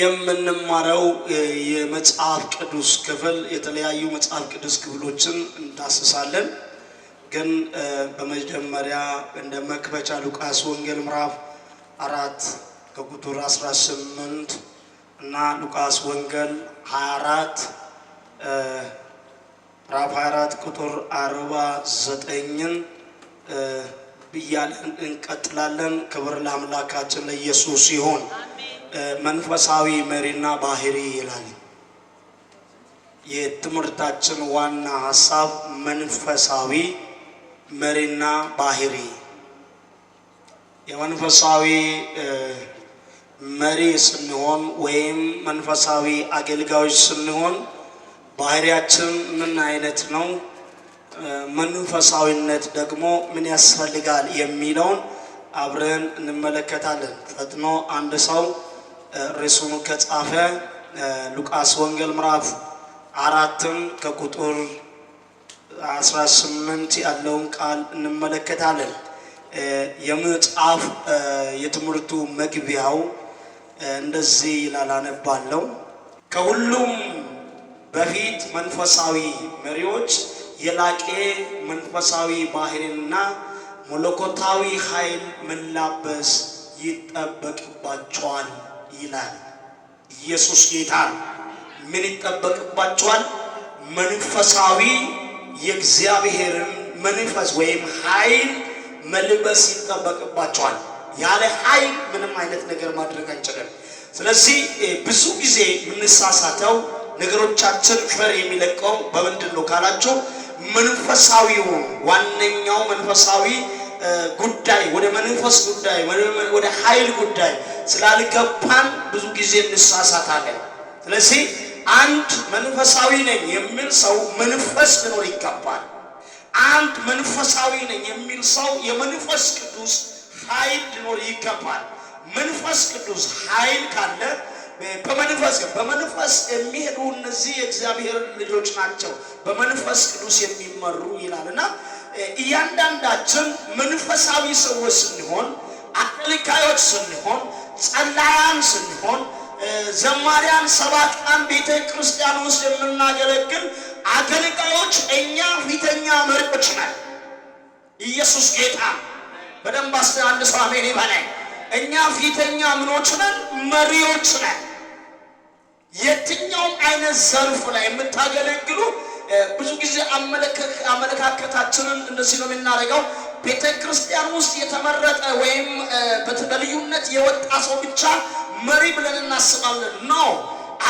የምንማረው የመጽሐፍ ቅዱስ ክፍል የተለያዩ መጽሐፍ ቅዱስ ክፍሎችን እንዳስሳለን። ግን በመጀመሪያ እንደ መክበቻ ሉቃስ ወንጌል ምዕራፍ አራት ከቁጥር 18 እና ሉቃስ ወንጌል 24 ምዕራፍ 24 ቁጥር 49ን ብያለን እንቀጥላለን። ክብር ለአምላካችን ለኢየሱስ ሲሆን መንፈሳዊ መሪና ባህሪ ይላል የትምህርታችን ዋና ሀሳብ መንፈሳዊ መሪና ባህሪ። የመንፈሳዊ መሪ ስንሆን ወይም መንፈሳዊ አገልጋዮች ስንሆን ባህሪያችን ምን አይነት ነው? መንፈሳዊነት ደግሞ ምን ያስፈልጋል የሚለውን አብረን እንመለከታለን። ፈጥኖ አንድ ሰው ርዕሱን ከጻፈ ሉቃስ ወንጌል ምዕራፍ አራትም ከቁጥር 18 ያለውን ቃል እንመለከታለን። የመጽሐፍ የትምህርቱ መግቢያው እንደዚህ ይላል፣ አነባለው። ከሁሉም በፊት መንፈሳዊ መሪዎች የላቄ መንፈሳዊ ባህሪና መለኮታዊ ኃይል መላበስ ይጠበቅባቸዋል ይላል ኢየሱስ ጌታ። ምን ይጠበቅባቸዋል? መንፈሳዊ የእግዚአብሔርን መንፈስ ወይም ኃይል መልበስ ይጠበቅባቸዋል። ያለ ኃይል ምንም አይነት ነገር ማድረግ አንችልም። ስለዚህ ብዙ ጊዜ የምንሳሳተው ነገሮቻችን ፈር የሚለቀው በምንድን ነው ካላችሁ መንፈሳዊው ዋነኛው መንፈሳዊ ጉዳይ ወደ መንፈስ ጉዳይ ወደ ኃይል ጉዳይ ስላልገባን ብዙ ጊዜ እንሳሳታለን። ስለዚህ አንድ መንፈሳዊ ነኝ የሚል ሰው መንፈስ ሊኖር ይገባል። አንድ መንፈሳዊ ነኝ የሚል ሰው የመንፈስ ቅዱስ ኃይል ሊኖር ይገባል። መንፈስ ቅዱስ ኃይል ካለ በመንፈስ በመንፈስ የሚሄዱ እነዚህ የእግዚአብሔር ልጆች ናቸው፣ በመንፈስ ቅዱስ የሚመሩ ይላል እና እያንዳንዳችን መንፈሳዊ ሰዎች ስንሆን፣ አቅልቃዮች ስንሆን፣ ጸላያን ስንሆን፣ ዘማሪያን፣ ሰባኪያን ቤተ ክርስቲያን ውስጥ የምናገለግል አገልጋዮች እኛ ፊተኛ መሪዎች ነን። ኢየሱስ ጌታ በደንብ አንድ ሰው አሜን ይበላይ። እኛ ፊተኛ ምኖች ነን፣ መሪዎች ነን። የትኛውም አይነት ዘርፍ ላይ የምታገለግሉ ብዙ ጊዜ አመለካከታችንን እነዚህ ነው የምናደርገው። ቤተ ክርስቲያን ውስጥ የተመረጠ ወይም በልዩነት የወጣ ሰው ብቻ መሪ ብለን እናስባለን። ነው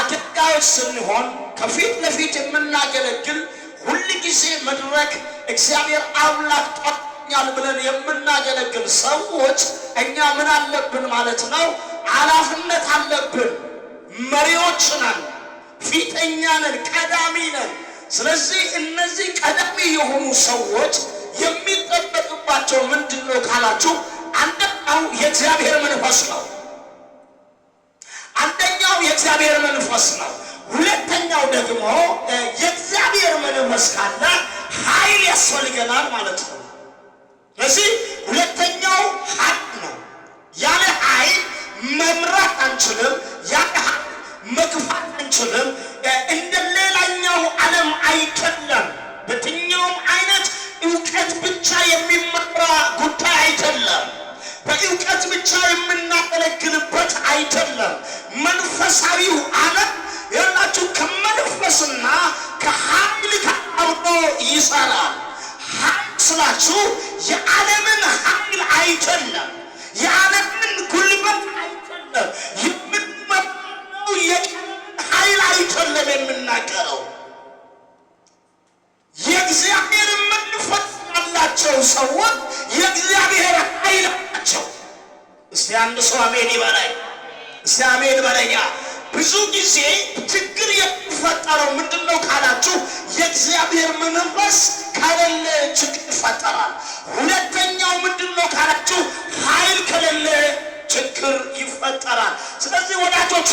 አገልጋዮች ስንሆን ከፊት ለፊት የምናገለግል ጊዜ መድረክ እግዚአብሔር አምላክ ጠኛል ብለን የምናገለግል ሰዎች እኛ ምን አለብን ማለት ነው? ኃላፊነት አለ መሪዎች ነን፣ ፊተኛ ነን፣ ቀዳሚ ነን። ስለዚህ እነዚህ ቀዳሚ የሆኑ ሰዎች የሚጠበቅባቸው ምንድን ነው ካላችሁ፣ አንደኛው የእግዚአብሔር መንፈስ ነው። አንደኛው የእግዚአብሔር መንፈስ ነው። ሁለተኛው ደግሞ የእግዚአብሔር መንፈስ ካለ ኃይል ያስፈልገናል ማለት ነው። አይደለም። መንፈሳዊው ዓለም ያላችሁ ከመንፈስና ከሀምል ጋር ይሰራል። ሀምል ስላችሁ የዓለምን ሀምል አይደለም፣ የዓለምን ጉልበት አይደለም፣ የምንመው የምንመራው ኃይል አይደለም የምናገረው የእግዚአብሔር መንፈስ ያላቸው ሰዎች የእግዚአብሔር ኃይል ናቸው። እስቲ አንድ ሰው አሜን ይበላይ። እስቲ አሜን በለኛ። ብዙ ጊዜ ችግር የሚፈጠረው ምንድን ነው ካላችሁ የእግዚአብሔር መንፈስ ከሌለ ችግር ይፈጠራል። ሁለተኛው ምንድን ነው ካላችሁ ኃይል ከሌለ ችግር ይፈጠራል። ስለዚህ ወዳጆቼ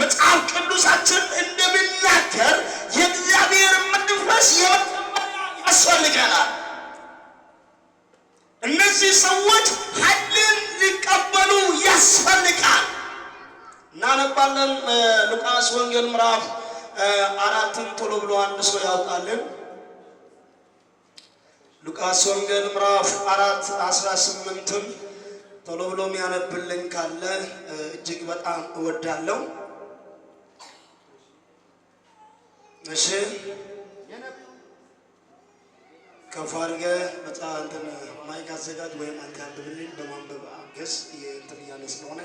መጽሐፍ ቅዱሳችን እንደሚናገር የእግዚአብሔር መንፈስ የመጀመሪያ ያስፈልገናል። እነዚህ ሰዎች ኃይልን ሊቀበሉ ያስፈልጋል። እናነባለን። ሉቃስ ወንጌል ምዕራፍ አራትን ቶሎ ብሎ አንድ ሰው ያውጣልን። ሉቃስ ወንጌል ምዕራፍ አራት አስራ ስምንትም ቶሎ ብሎ የሚያነብልኝ ካለ እጅግ በጣም እወዳለሁ። እሺ ከፍ አድርገህ በጣም እንትን ማይክ አዘጋጅ ወይም አንተ አንብብልኝ በማንበብ አገዝ እንትን እያለ ስለሆነ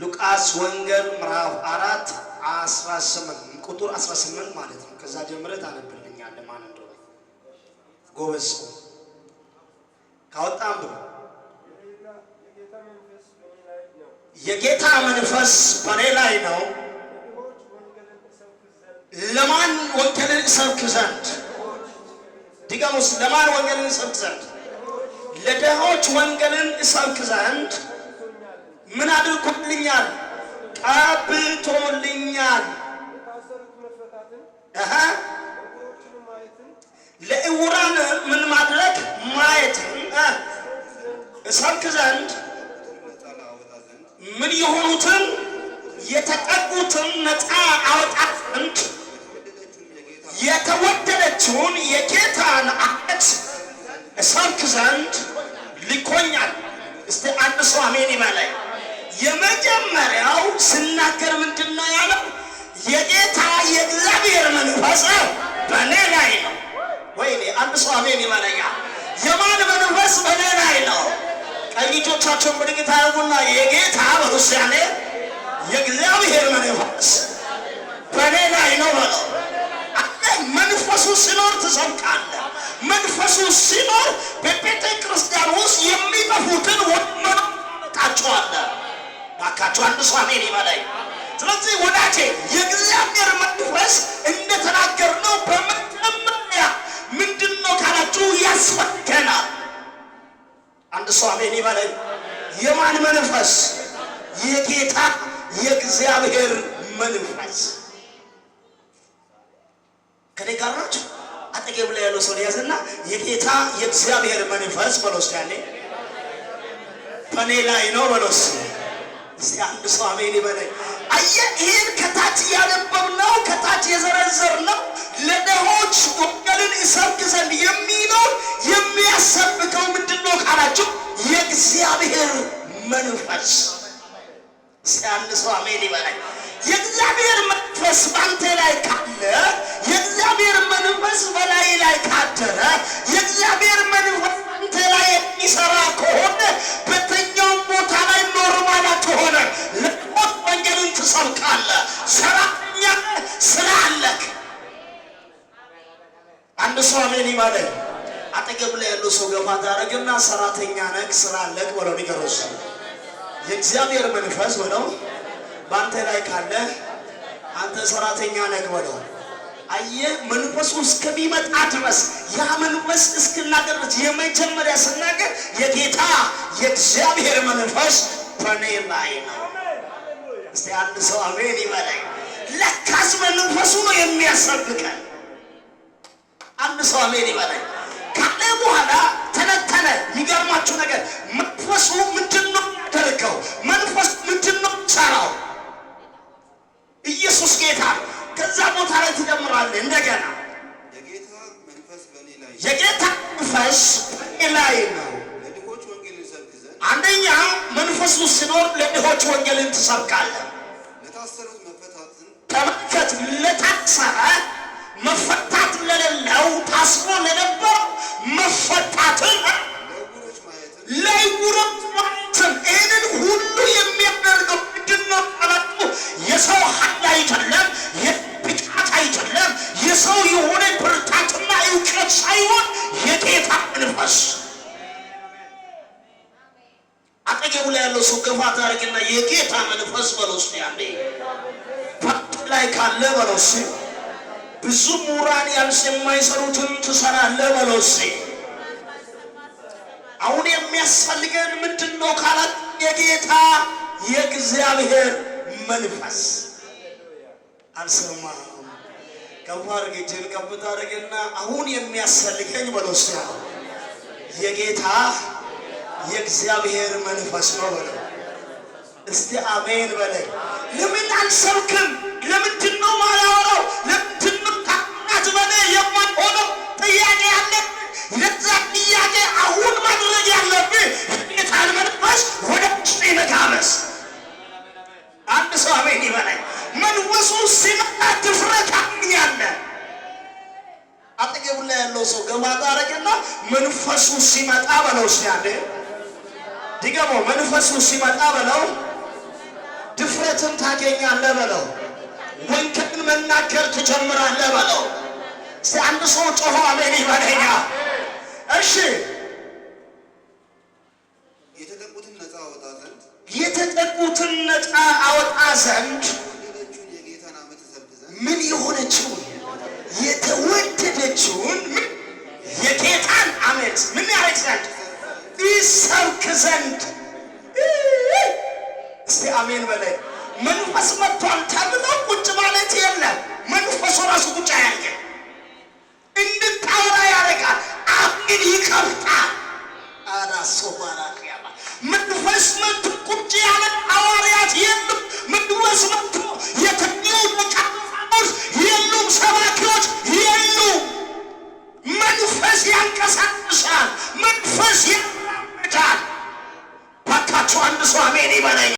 ሉቃስ ወንጌል ምዕራፍ አራት አስራ ስምንት ቁጥር አስራ ስምንት ማለት ነው። ከዛ ጀምረት አነብልኛለ ማን እንደሆነ ጎበዝ ካወጣም ብሎ የጌታ መንፈስ በኔ ላይ ነው ለማን ወንጌልን እሰብክ ዘንድ ድገሙስ። ለማን ወንጌልን እሰብክ ዘንድ? ለድሆች ወንጌልን እሰብክ ዘንድ ምን አድርጎልኛል? ቀብቶልኛል። ለእውራን ምን ማድረግ? ማየት እሰብክ ዘንድ ምን የሆኑትን የተጠቁትን ነፃ አወጣ ዘንድ የተወደደችውን የጌታን አት እሰብክ ዘንድ ልኮኛል። እስቲ አንድ ሰው አሜን ይበላይ። የመጀመሪያው ስናገር ምንድን ነው ያለው? የጌታ የእግዚአብሔር መንፈስ በእኔ ላይ ነው። ወይኔ አንድ ሰው አሜን ይበለኛል። የማን መንፈስ በእኔ ላይ ነው? ቀኝ እጆቻቸውን ብድግታ ያርጉና የጌታ በሩሲያኔ የእግዚአብሔር መንፈስ በእኔ ላይ ነው በለው ሲኖር ትዘልቃለህ። መንፈሱ ሲኖር በቤተ ክርስቲያን ውስጥ የሚጠፉትን ወመኖ ታመጣቸዋለህ። ባካቸው አንድ ሰው አሜን ስለዚህ ወዳጄ የእግዚአብሔር መንፈስ ነው። በመጀመሪያ ምንድን ነው ካላችሁ ያስፈገናል። አንድ ሰው አሜን የማን መንፈስ? የጌታ የእግዚአብሔር መንፈስ ከኔ ጋር ናችሁ? አጠገብ ላይ ያለው ሰው ያዝና የጌታ የእግዚአብሔር መንፈስ በሎስ ያለ በእኔ ላይ ነው በሎስ። እዚህ አንድ ሰው አሜን ይበለኝ። አየ ይህን ከታች ያነበብ ነው ከታች የዘረዘር ነው ለደሆች ወንጌልን እሰብክ ዘንድ የሚኖር የሚያሰብከው ምንድን ነው ካላችሁ የእግዚአብሔር መንፈስ። እዚህ አንድ ሰው አሜን ይበለኝ። የእግዚአብሔር መንፈስ ላይ ካለ የእግዚአብሔር መንፈስ በላይ ላይ ካደረ የእግዚአብሔር መንፈስ ባንተ ላይ የሚሰራ ከሆነ በተኛውም ቦታ ላይ ኖርማል አትሆንም። ለሞት ወንጌልን ትሰብካለህ። ሰራተኛ ስራ አለህ። አንድ ሰው አሜን ይበለኝ። አጠገብ ላይ ያለው ሰው ገፋ ታደርግና ሰራተኛ ነህ፣ ስራ አለህ ብለው ንገረው። የእግዚአብሔር መንፈስ በለው በአንተ ላይ ካለ አንተ ሰራተኛ ነህ በለው። አየ መንፈሱ እስከሚመጣ ድረስ ያ መንፈስ እስክናገር ድረስ የመጀመሪያ ስናገር የጌታ የእግዚአብሔር መንፈስ በእኔ ላይ ነው። እስቲ አንድ ሰው አሜን ይበለኝ። ለካስ መንፈሱ ነው የሚያሰብቀን። አንድ ሰው አሜን ይበለኝ ካለ በኋላ ተነተነ። የሚገርማችሁ ነገር መንፈሱ ምንድን ነው ያደርገው? መንፈስ ምንድን ነው ሰራው? ኢየሱስ ጌታ። ከዛ ቦታ ላይ ትጀምራለህ እንደገና የጌታ መንፈስ በእኔ ላይ ነው። አንደኛ መንፈሱ ሲኖር ለድሆች ወንጌልን ትሰብካለህ። ከመፈት ለታሰረ መፈታት ለሌለው ታስሮ ለነበረው መፈታትን ለዕውሮች ማየትን ይህንን ሁሉ የሚያደርገው ምንድን ነው? የሰው ኃይል አይደለም፣ የብቃት አይደለም፣ የሰው የሆነ ብርታትና እውቀት ሳይሆን የጌታ መንፈስ አጠገቡ ላይ ያለው ሰው ገፋ ታሪክና የጌታ መንፈስ በለውስ ያለ ላይ ካለ በለውስ ብዙ ምሁራን ያልስ የማይሰሩትን ትሰራለ በለውስ አሁን የሚያስፈልገን ምንድን ነው ካላት የጌታ የእግዚአብሔር መንፈስ አልሰማም። ከፍ አድርጌ እጅን ከፍታ አድርጌና አሁን የሚያስፈልገኝ በሎስ የጌታ የእግዚአብሔር መንፈስ ነው በለው። እስቲ አሜን በለኝ። ለምን አልሰብክም? መንፈሱ ሲመጣ በለው ሲያደ ድገሞ መንፈሱ ሲመጣ በለው ድፍረትን ታገኛለህ በለው ወንክን መናገር ትጀምራለህ በለው። አንድ ሰው ጮሆ አሜን ይበለኛ። እሺ የተጠቁትን ነፃ አወጣ ዘንድ